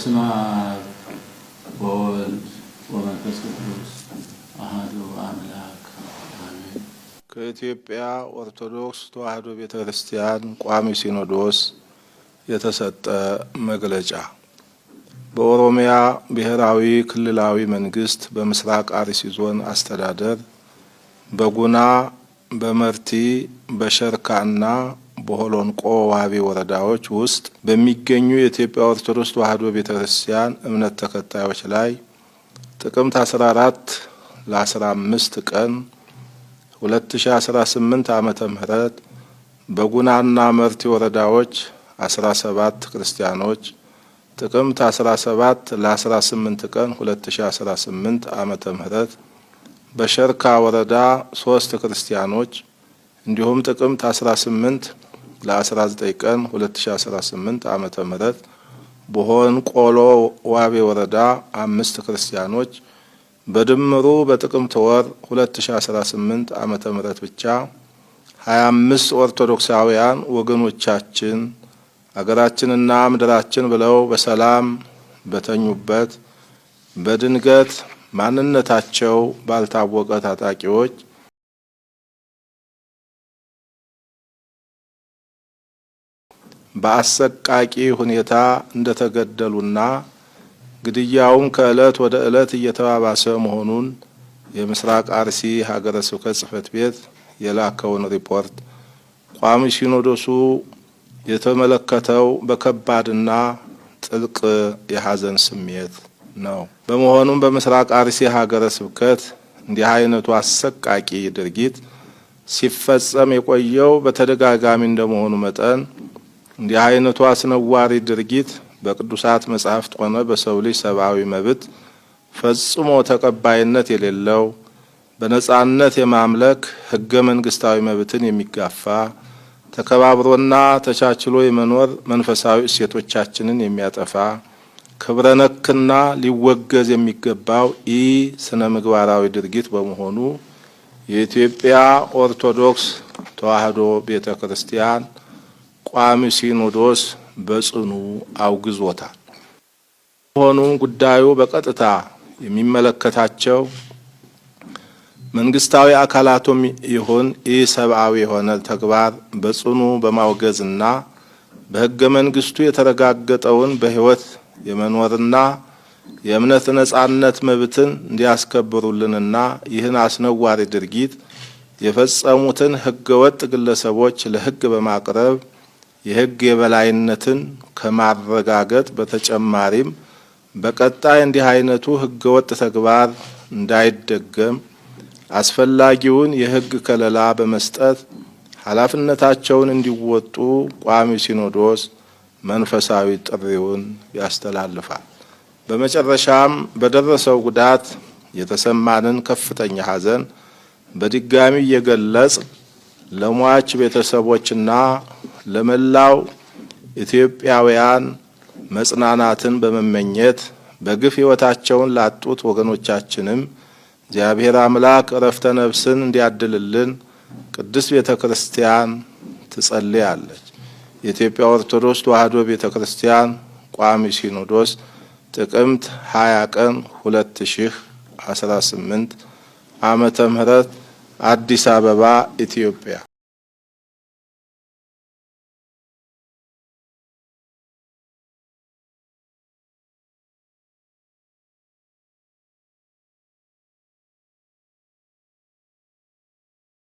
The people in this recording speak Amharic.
በስመ አብ ወወልድ ወመንፈስ ቅዱስ አሐዱ አምላክ አሜን። ከኢትዮጵያ ኦርቶዶክስ ተዋሕዶ ቤተ ክርስቲያን ቋሚ ሲኖዶስ የተሰጠ መግለጫ በኦሮሚያ ብሔራዊ ክልላዊ መንግስት በምስራቅ አርሲ ዞን አስተዳደር በጉና በመርቲ በሸርካና በሆሎንቆ ዋቢ ወረዳዎች ውስጥ በሚገኙ የኢትዮጵያ ኦርቶዶክስ ተዋሕዶ ቤተ ክርስቲያን እምነት ተከታዮች ላይ ጥቅምት 14 ለ15 ቀን 2018 ዓመተ ምህረት በጉናና መርቲ ወረዳዎች 17 ክርስቲያኖች ጥቅምት 17 ለ18 ቀን 2018 ዓመተ ምህረት በሸርካ ወረዳ ሶስት ክርስቲያኖች እንዲሁም ጥቅምት 18 ለ19 ቀን 2018 ዓመተ ምህረት በሆን ቆሎ ዋቤ ወረዳ አምስት ክርስቲያኖች በድምሩ በጥቅምት ወር 2018 ዓመተ ምህረት ብቻ 25 ኦርቶዶክሳውያን ወገኖቻችን አገራችንና ምድራችን ብለው በሰላም በተኙበት በድንገት ማንነታቸው ባልታወቀ ታጣቂዎች በአሰቃቂ ሁኔታ እንደተገደሉና ግድያውም ከእለት ወደ እለት እየተባባሰ መሆኑን የምስራቅ አርሲ ሀገረ ስብከት ጽሕፈት ቤት የላከውን ሪፖርት ቋሚ ሲኖዶሱ የተመለከተው በከባድና ጥልቅ የሐዘን ስሜት ነው። በመሆኑም በምስራቅ አርሲ ሀገረ ስብከት እንዲህ አይነቱ አሰቃቂ ድርጊት ሲፈጸም የቆየው በተደጋጋሚ እንደመሆኑ መጠን እንዲህ አይነቱ አስነዋሪ ድርጊት በቅዱሳት መጻሕፍት ሆነ በሰው ልጅ ሰብአዊ መብት ፈጽሞ ተቀባይነት የሌለው በነጻነት የማምለክ ህገ መንግስታዊ መብትን የሚጋፋ ተከባብሮና ተቻችሎ የመኖር መንፈሳዊ እሴቶቻችንን የሚያጠፋ ክብረ ነክና ሊወገዝ የሚገባው ኢ ስነ ምግባራዊ ድርጊት በመሆኑ የኢትዮጵያ ኦርቶዶክስ ተዋሕዶ ቤተ ክርስቲያን ቋሚ ሲኖዶስ በጽኑ አውግዞታል። ሆኑ ጉዳዩ በቀጥታ የሚመለከታቸው መንግስታዊ አካላቱም ይሁን ይህ ሰብአዊ የሆነ ተግባር በጽኑ በማውገዝና በሕገ መንግስቱ የተረጋገጠውን በህይወት የመኖርና የእምነት ነጻነት መብትን እንዲያስከብሩልንና ይህን አስነዋሪ ድርጊት የፈጸሙትን ህገወጥ ግለሰቦች ለሕግ በማቅረብ የህግ የበላይነትን ከማረጋገጥ በተጨማሪም በቀጣይ እንዲህ አይነቱ ወጥ ተግባር እንዳይደገም አስፈላጊውን የህግ ከለላ በመስጠት ኃላፊነታቸውን እንዲወጡ ቋሚ ሲኖዶስ መንፈሳዊ ጥሪውን ያስተላልፋል። በመጨረሻም በደረሰው ጉዳት የተሰማንን ከፍተኛ ሐዘን በድጋሚ እየገለጽ ለሟች ቤተሰቦችና ለመላው ኢትዮጵያውያን መጽናናትን በመመኘት በግፍ ሕይወታቸውን ላጡት ወገኖቻችንም እግዚአብሔር አምላክ እረፍተ ነፍስን እንዲያድልልን ቅዱስ ቤተ ክርስቲያን ትጸልያለች። የኢትዮጵያ ኦርቶዶክስ ተዋሕዶ ቤተ ክርስቲያን ቋሚ ሲኖዶስ ጥቅምት 20 ቀን 2018 ዓመተ ምህረት አዲስ አበባ ኢትዮጵያ